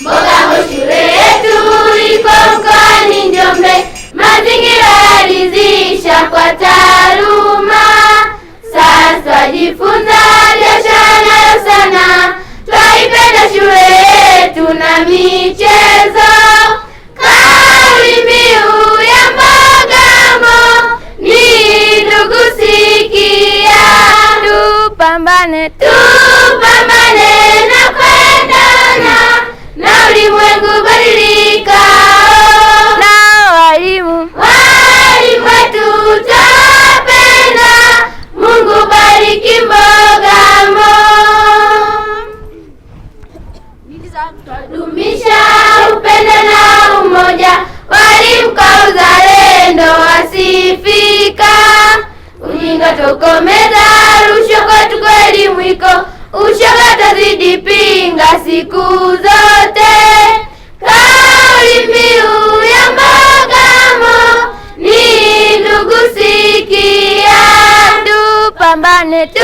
Бога гостю рятуй, помка. tupambane, tupambane na kuendana na ulimwengu badilika, na walimu walimu wetu tutapenda. Mungu bariki mo twadumisha upendo na umoja, walimu kwa uzalendo wasifika ujinga tokome siku zote. Kauli mbiu ya Bagamoyo ni ndugu, sikia, tupambane tu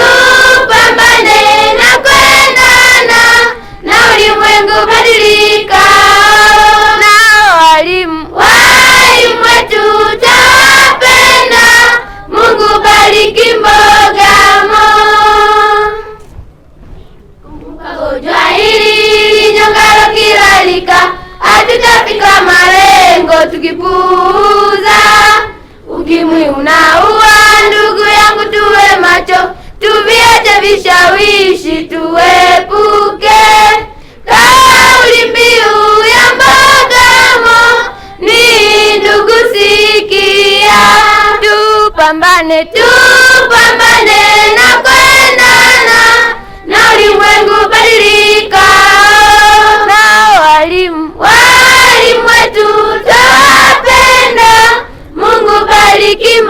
sisi tuepuke kauli mbiu ya Bagamoyo ni ndugu, sikia, tupambane, tupambane na kuendana na ulimwengu badilika, na walimu walimu wetu tawapenda. Mungu bariki